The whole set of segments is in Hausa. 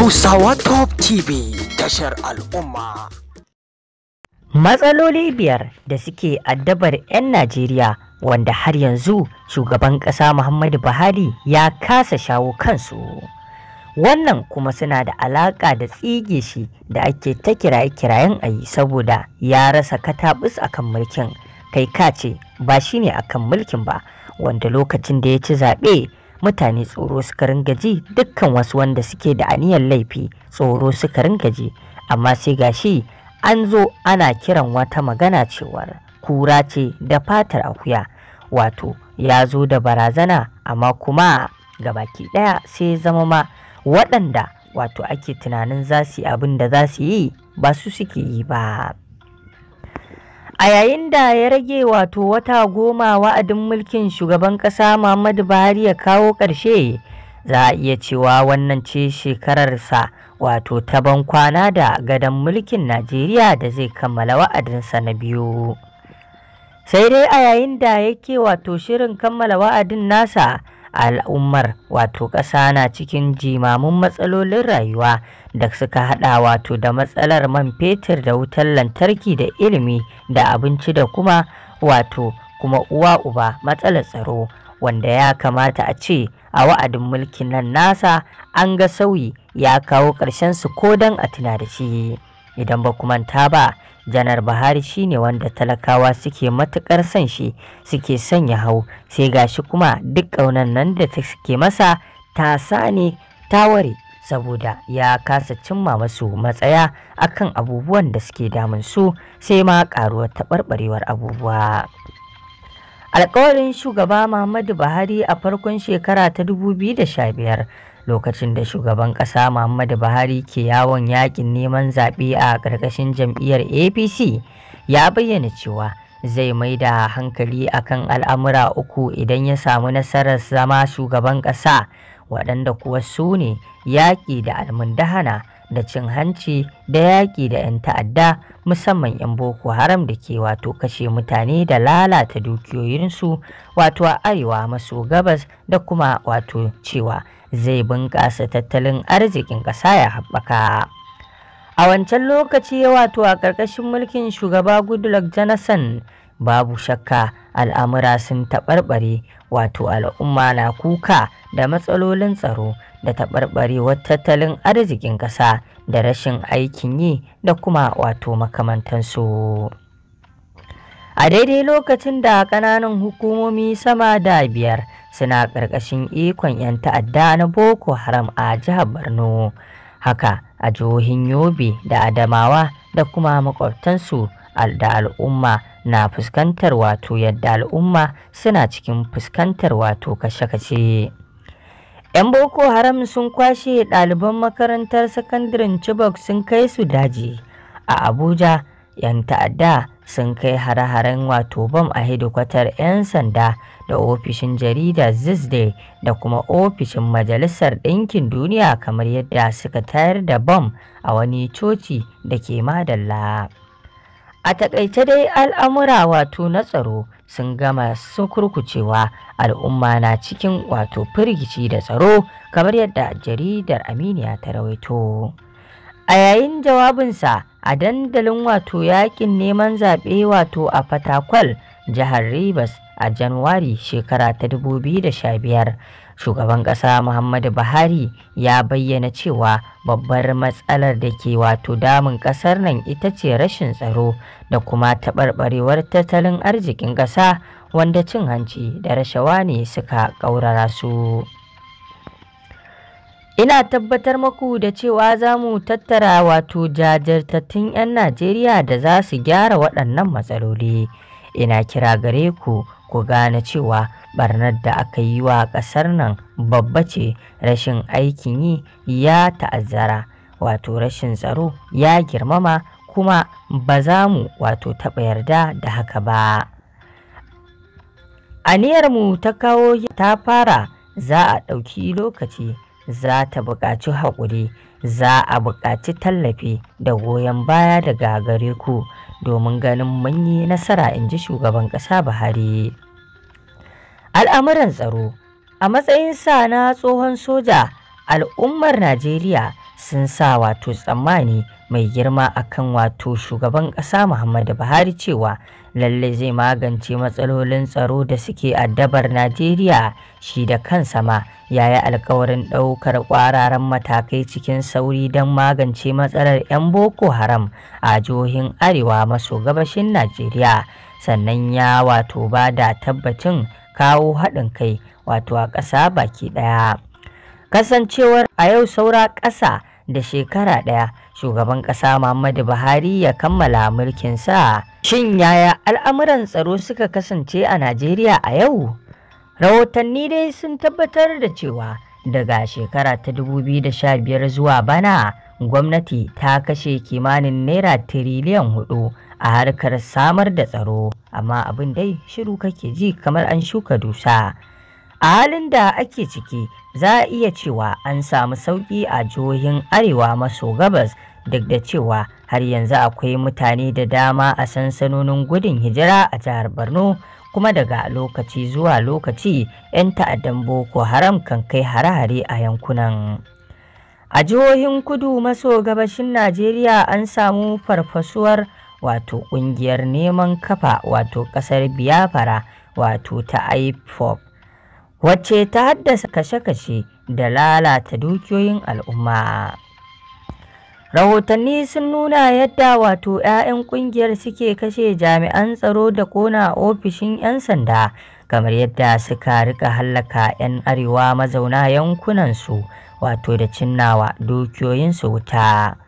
Hausawa Top TV tashar al'umma. Matsaloli biyar da suke addabar 'yan Najeriya wanda har yanzu shugaban ƙasa Muhammadu Buhari ya kasa shawo kansu. Wannan kuma suna da alaƙa da tsige shi da ake ta kiraye-kirayen ayi saboda ya rasa katabus akan mulkin, kai kace ba shi ne akan mulkin ba, wanda lokacin da ya ci zaɓe mutane tsoro suka ringa ji dukkan wasu wanda suke da aniyar laifi tsoro suka ringa ji amma sai gashi an zo ana kiran wata magana cewar kura ce da fatar akuya wato ya zo da barazana amma kuma ga baki ɗaya sai zama ma waɗanda wato ake tunanin za su yi abin da za su yi ba su suke yi ba A yayin da ya rage wato wata goma wa'adin mulkin shugaban ƙasa Muhammadu Buhari ya kawo ƙarshe, za a iya cewa wannan ce shekararsa wato ta bankwana da gadon mulkin Najeriya da zai kammala wa'adinsa na biyu. Sai dai a yayin da yake wato shirin kammala wa'adin nasa. al'ummar wato ƙasa na cikin jimamin matsalolin rayuwa da suka haɗa, wato da matsalar man fetur da wutar lantarki da ilimi da abinci da kuma wato kuma uwa uba matsalar tsaro wanda ya kamata a ce a wa'adin mulkin nan nasa an ga sauyi ya kawo ƙarshen su ko don a tuna da shi. idan ba ta ba janar buhari shine wanda talakawa suke matukar son shi suke son ya hau sai gashi kuma duk ƙaunar nan da suke masa ta sani ta ware saboda ya kasa cimma masu matsaya akan abubuwan da suke damun su sai ma karuwar taɓarɓarewar abubuwa Alƙawarin shugaba muhammadu buhari a farkon shekara ta 2015 lokacin da shugaban ƙasa Muhammadu Buhari ke yawon yakin neman zaɓe a ƙarƙashin jam'iyyar APC ya bayyana cewa zai mai da hankali akan al'amura uku idan ya samu nasarar zama shugaban ƙasa waɗanda kuwa su ne yaƙi da almundahana da cin hanci da yaƙi da 'yan ta'adda musamman 'yan boko haram da ke wato kashe mutane da lalata dukiyoyinsu wato a arewa maso gabas da kuma wato cewa zai bunƙasa tattalin arzikin ƙasa ya haɓaka. A wancan lokaci wato a ƙarƙashin mulkin shugaba Goodluck Jonathan babu shakka al'amura sun taɓarɓare wato al'umma na kuka da matsalolin tsaro da taɓarɓarewar tattalin arzikin ƙasa da rashin aikin yi da kuma wato makamantansu a daidai lokacin da ƙananan hukumomi sama da biyar suna ƙarƙashin ikon 'yan ta'adda na boko haram a jihar borno haka a jihohin yobe da adamawa da kuma makwabtansu da al'umma na fuskantar wato yadda al'umma suna cikin fuskantar wato kashe-kashe. 'Yan Boko Haram sun kwashe ɗaliban makarantar sakandaren Chibok sun kai su daji a Abuja 'yan ta'adda sun kai hare-haren wato bam a hedikwatar 'yan sanda da ofishin jarida Zizde da kuma ofishin Majalisar Ɗinkin Duniya kamar yadda suka tayar da bam a wani coci da ke Madalla. A takaice dai al'amura wato na tsaro sun gama sun kurkucewa al'umma na cikin wato firgici da tsaro kamar yadda jaridar Aminiya ta rawaito. A yayin jawabinsa a dandalin wato yakin neman zaɓe wato a Fatakwal, jihar Rivers a Janwari shekara ta 2015 shugaban ƙasa muhammadu buhari ya bayyana cewa babbar matsalar da ke wato damun ƙasar nan ita ce rashin tsaro da kuma taɓarɓarewar tattalin arzikin ƙasa wanda cin hanci da rashawa ne suka ƙaurara su. Ina tabbatar maku da cewa za mu tattara wato jajirtattun 'yan Najeriya da za su gyara waɗannan matsaloli. Ina kira gare ku ku gane cewa barnar da aka yi wa ƙasar nan babba ce rashin aikin yi ya ta'azzara wato rashin tsaro ya girmama kuma ba za mu wato taɓa yarda da haka ba aniyarmu ta kawo ta fara za a ɗauki lokaci za ta buƙaci haƙuri za a buƙaci tallafi da goyon baya daga gare ku domin ganin mun yi nasara in ji shugaban ƙasa buhari al'amuran tsaro a matsayin sa na tsohon soja al'ummar najeriya sun sa wato tsammani mai girma akan wato shugaban ƙasa Muhammadu Buhari cewa lalle zai magance matsalolin tsaro da suke addabar Najeriya shi da kansa ma yayi alkawarin ɗaukar ƙwararan matakai cikin sauri don magance matsalar 'yan Boko Haram a jihohin Arewa maso gabashin Najeriya sannan ya wato ba da tabbacin kawo haɗin kai wato a ƙasa baki ɗaya. Kasancewar a yau saura ƙasa da shekara ɗaya shugaban ƙasa Muhammadu Buhari ya kammala mulkin sa. Shin yaya al'amuran tsaro suka kasance a Najeriya a yau? Rahotanni dai sun tabbatar da cewa daga shekara ta 2015 zuwa bana gwamnati ta kashe kimanin naira tiriliyan hudu a harkar samar da tsaro amma abin dai shiru kake ji kamar an shuka dusa a halin da ake ciki za a iya cewa an samu sauƙi a jihohin arewa maso gabas duk da cewa har yanzu akwai mutane da dama a sansanonin gudun hijira a jihar borno kuma daga lokaci zuwa lokaci 'yan ta'addan boko haram kan kai hare-hare a yankunan a jihohin kudu maso gabashin najeriya an samu farfasuwar wato kungiyar neman kafa wato kasar biafra wato ta ipop wacce ta haddasa kashe-kashe da lalata dukiyoyin al'umma. Rahotanni sun nuna yadda wato 'ya'yan ƙungiyar suke kashe jami'an tsaro da kona ofishin 'yan sanda kamar yadda suka rika hallaka 'yan arewa mazauna yankunansu wato da cinnawa dukiyoyinsu wuta.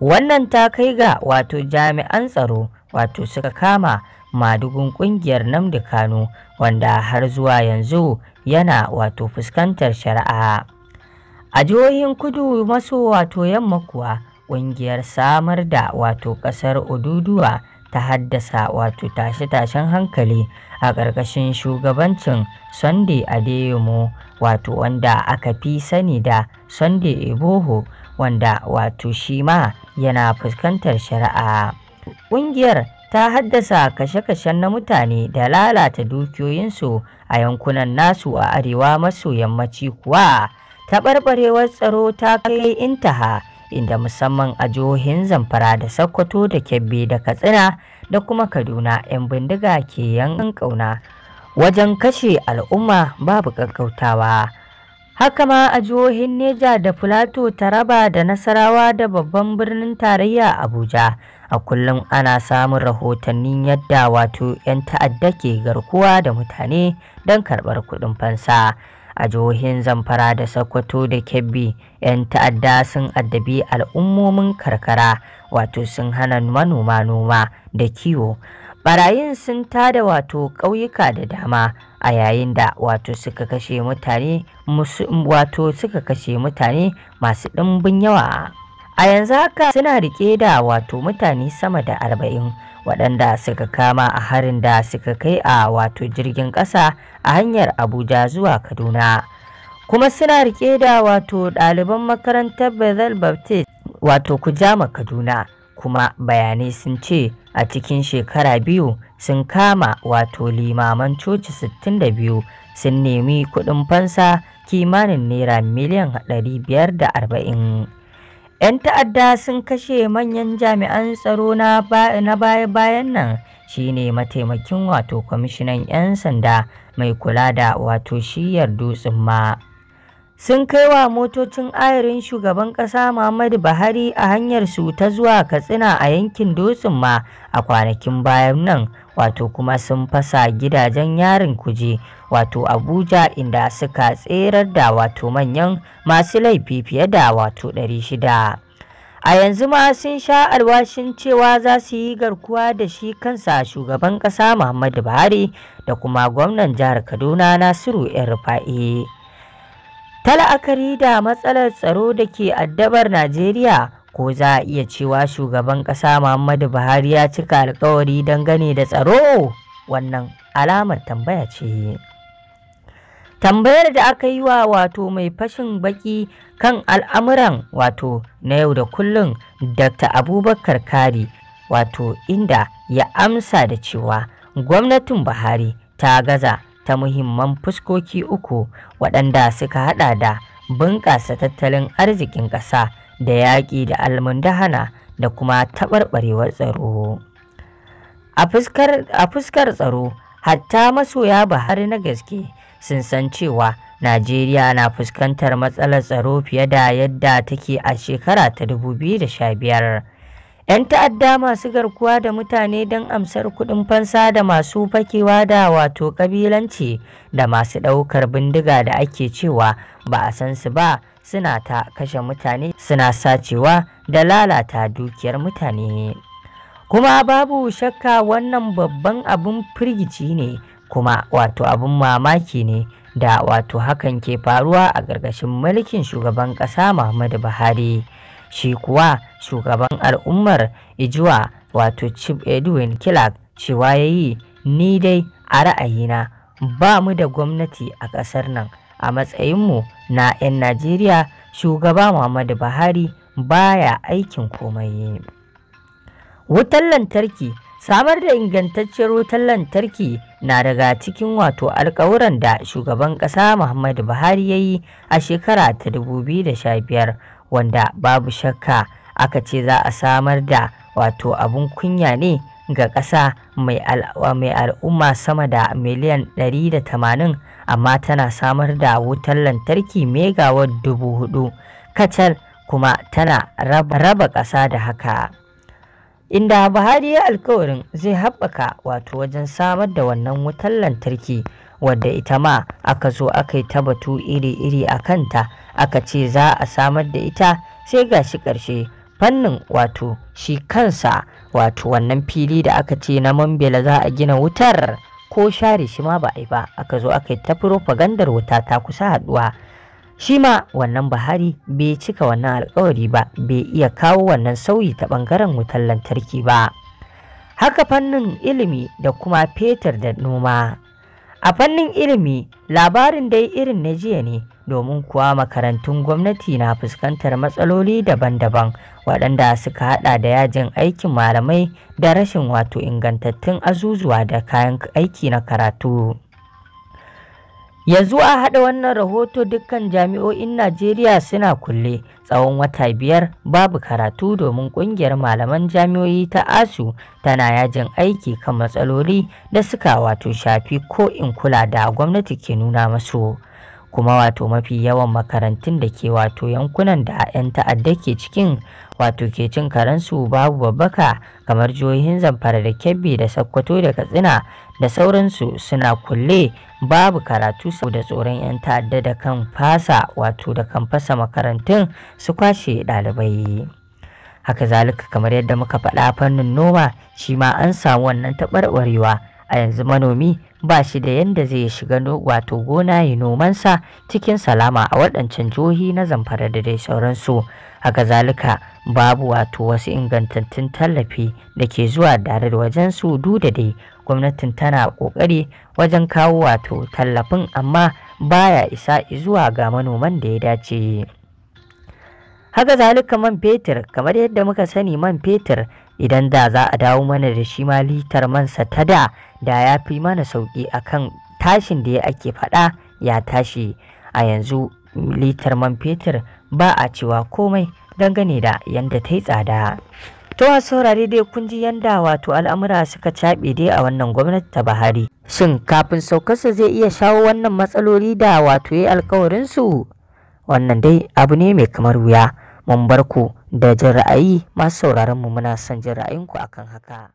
Wannan ta kai ga wato jami'an tsaro wato suka kama madugun kungiyar namdi kano wanda har zuwa yanzu yana wato fuskantar shari'a. A jihohin kudu maso wato yamma kuwa kungiyar samar da wato kasar Oduduwa ta haddasa wato tashe-tashen hankali a ƙarƙashin shugabancin Sunday Adeyemo wato wanda aka fi sani da Sunday Eboho wanda wato shi ma yana fuskantar shari'a. Ƙungiyar ta haddasa kashe-kashen na mutane da lalata dukiyoyinsu a yankunan nasu a arewa maso yammaci kuwa taɓarɓarewar tsaro ta kai intaha inda musamman a jihohin zamfara da sokoto da kebbi da katsina da kuma kaduna 'yan bindiga ke yankan ƙauna wajen kashe al'umma babu kankautawa haka ma a jihohin neja da filato taraba da nasarawa da babban birnin tarayya abuja a kullum ana samun rahotannin yadda wato 'yan ta'adda ke garkuwa da mutane don karɓar kuɗin fansa a jihohin zamfara da sokoto da kebbi 'yan ta'adda sun addabi al'ummomin karkara wato sun hana manoma noma da kiwo barayin sun tada wato ƙauyuka da dama a yayin da wato suka kashe mutane wato suka kashe mutane masu ɗimbin yawa a yanzu haka suna rike da wato mutane sama da arba'in waɗanda suka kama a harin da suka kai a wato jirgin ƙasa a hanyar abuja zuwa kaduna kuma suna rike da wato ɗaliban makarantar Bethel Baptist wato Kujama Kaduna kuma bayanai sun ce a cikin shekara biyu sun kama wato limaman coci 62 sun nemi kuɗin fansa kimanin naira miliyan 540 'Yan ta'adda sun kashe manyan jami'an tsaro na baya-bayan nan shine mataimakin wato kwamishinan 'yan sanda mai kula da wato shiyar dutsen ma. Sun kai wa motocin ayarin shugaban ƙasa Muhammadu Buhari a hanyar su ta zuwa Katsina a yankin dutsen ma a kwanakin bayan nan wato kuma sun fasa gidajen yarin kuje wato abuja inda suka tserar da wato manyan masu laifi fiye da wato 600 a yanzu ma sun sha alwashin cewa za su yi garkuwa da shi kansa shugaban ƙasa muhammadu buhari da kuma gwamnan jihar kaduna nasiru yan rufa'i ta la'akari da matsalar tsaro da ke addabar najeriya ko za a iya cewa shugaban ƙasa muhammadu buhari ya cika alkawari dangane da tsaro wannan alamar tambaya ce tambayar da aka yi wa wato mai fashin baki kan al'amuran wato na yau da kullun dr abubakar kari wato inda ya amsa da cewa gwamnatin buhari ta gaza ta muhimman fuskoki uku waɗanda suka haɗa da bunƙasa tattalin arzikin ƙasa da yaƙi da almundahana da kuma taɓarɓarewar tsaro. A fuskar tsaro, hatta masoya Buhari na gaske sun san cewa Najeriya na fuskantar matsalar tsaro fiye da yadda take a shekara ta 2015. 'Yan ta'adda masu garkuwa da mutane don amsar kuɗin fansa da masu fakewa da wato ƙabilanci da masu ɗaukar bindiga da ake cewa ba a san su ba. suna ta kashe mutane suna sacewa da lalata dukiyar mutane kuma babu shakka wannan babban abin firgici ne kuma wato abin mamaki ne da wato hakan ke faruwa a gargashin mulkin shugaban ƙasa muhammadu buhari shi kuwa shugaban al'ummar ijuwa wato chief edwin clark cewa ya yi ni dai a ra'ayina ba mu da gwamnati a ƙasar nan a matsayinmu na 'yan Najeriya shugaba Muhammadu Buhari baya aikin komai. Wutar lantarki samar da ingantacciyar wutar lantarki na daga cikin wato alkawuran da shugaban ƙasa Muhammadu Buhari ya yi a shekara ta 2015 wanda babu shakka aka ce za a samar da wato abun kunya ne ga ƙasa mai al'umma sama da miliyan 180 amma tana samar da wutar lantarki megawatt dubu hudu kacal kuma tana raba ƙasa da haka inda buhari ya alkawarin zai haɓaka wato wajen samar da wannan wutar lantarki wadda ita ma aka zo aka yi ta batu iri-iri a kanta aka ce za a samar da ita sai ga shi ƙarshe fannin wato shi kansa wato wannan fili da aka ce na mambela za a gina wutar ko share shi ma ba a yi ba aka zo aka yi ta propagandar wuta ta kusa haduwa shi ma wannan buhari bai cika wannan alkawari ba bai iya kawo wannan sauyi ta bangaren wutar lantarki ba haka fannin ilimi da kuma fetur da noma A fannin ilimi, labarin dai irin na jiya ne, domin kuwa makarantun gwamnati na fuskantar matsaloli daban-daban waɗanda suka haɗa da yajin aikin malamai da rashin wato ingantattun azuzuwa da kayan aiki na karatu. Yanzu a haɗa wannan rahoto dukkan jami'o'in Najeriya suna kulle tsawon wata biyar babu karatu domin ƙungiyar malaman jami'o'i ta ASU tana yajin aiki kan matsaloli da suka wato shafi ko in kula da gwamnati ke nuna masu. kuma wato mafi yawan makarantun da ke wato yankunan da 'yan ta'adda ke cikin wato ke cin karensu babu babbaka kamar jihohin zamfara da kebbi da sakkwato da katsina da sauransu suna kulle babu karatu saboda tsoron 'yan ta'adda da kan fasa wato da kan fasa makarantun su kwashe ɗalibai haka zalika kamar yadda muka faɗa fannin noma shi ma an samu wannan taɓarɓarewa a yanzu manomi ba shi da yadda zai shiga wato gona ya nomansa cikin salama a waɗancan jihohi na zamfara da dai sauransu haka zalika babu wato wasu ingantattun tallafi da ke zuwa tare da wajensu duk da dai gwamnatin tana ƙoƙari wajen kawo wato tallafin amma baya isa zuwa ga manoman da ya dace haka zalika man fetur kamar yadda muka sani man fetur idan da za a dawo mana da shi ma litar man sa ta da da ya fi mana sauƙi akan tashin da ya ake faɗa ya tashi a yanzu litar man fetur ba a cewa komai dangane da yanda ta yi tsada. To a saurare dai kun ji yanda wato al'amura suka caɓe dai a wannan gwamnati ta Buhari. Shin kafin saukarsa zai iya shawo wannan matsaloli da wato ya alkawarinsu? Wannan dai abu ne mai kamar wuya. Mun bar ku da jin ra'ayi masu sauraron mu muna son jira'ayinku ra'ayinku akan haka